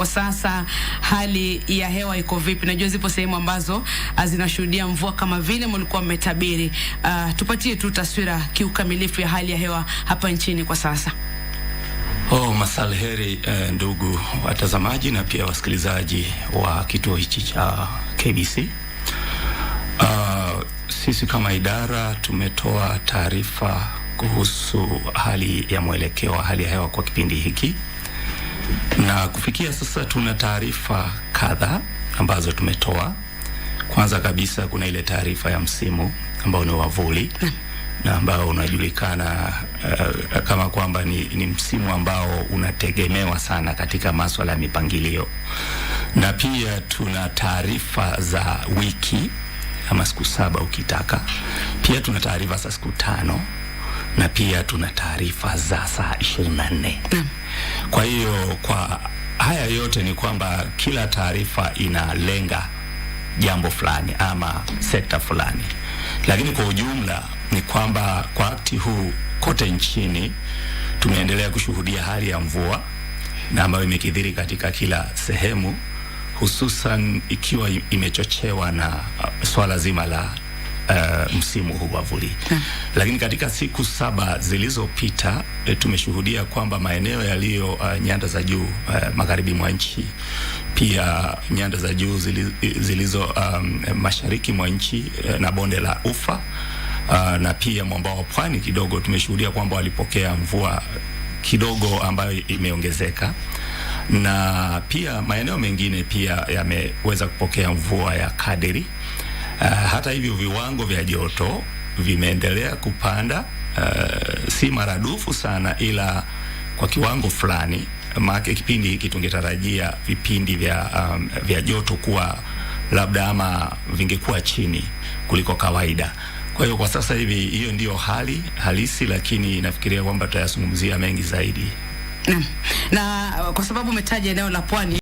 Kwa sasa hali ya hewa iko vipi? Najua zipo sehemu ambazo ah, zinashuhudia mvua kama vile mlikuwa mmetabiri. Uh, tupatie tu taswira kiukamilifu ya hali ya hewa hapa nchini kwa sasa. Oh, masalheri eh, ndugu watazamaji na pia wasikilizaji wa kituo hichi cha KBC. Uh, ah, sisi kama idara tumetoa taarifa kuhusu hali ya mwelekeo wa hali ya hewa kwa kipindi hiki na kufikia sasa tuna taarifa kadhaa ambazo tumetoa. Kwanza kabisa kuna ile taarifa ya msimu ambao ni wavuli na ambao unajulikana uh, kama kwamba ni, ni msimu ambao unategemewa sana katika masuala ya mipangilio, na pia tuna taarifa za wiki ama siku saba ukitaka, pia tuna taarifa za siku tano na pia tuna taarifa za saa 24. Mm. Kwa hiyo kwa haya yote ni kwamba kila taarifa inalenga jambo fulani ama sekta fulani, lakini kwa ujumla ni kwamba kwa wakati huu kote nchini tumeendelea kushuhudia hali ya mvua na ambayo imekidhiri katika kila sehemu, hususan ikiwa imechochewa na swala zima la uh, msimu huu wa vuli hmm. Lakini katika siku saba zilizopita e, tumeshuhudia kwamba maeneo yaliyo uh, nyanda za juu uh, magharibi mwa nchi pia nyanda za juu zilizo um, mashariki mwa nchi uh, na bonde la Ufa uh, na pia mwambao wa pwani kidogo tumeshuhudia kwamba walipokea mvua kidogo ambayo imeongezeka na pia maeneo mengine pia yameweza kupokea mvua ya kadiri Uh, hata hivyo viwango vya joto vimeendelea kupanda, uh, si maradufu sana, ila kwa kiwango fulani, maana kipindi hiki tungetarajia vipindi vya, um, vya joto kuwa labda ama vingekuwa chini kuliko kawaida. Kwa hiyo kwa sasa hivi hiyo ndiyo hali halisi, lakini nafikiria kwamba tutayazungumzia mengi zaidi na, na kwa sababu umetaja eneo la pwani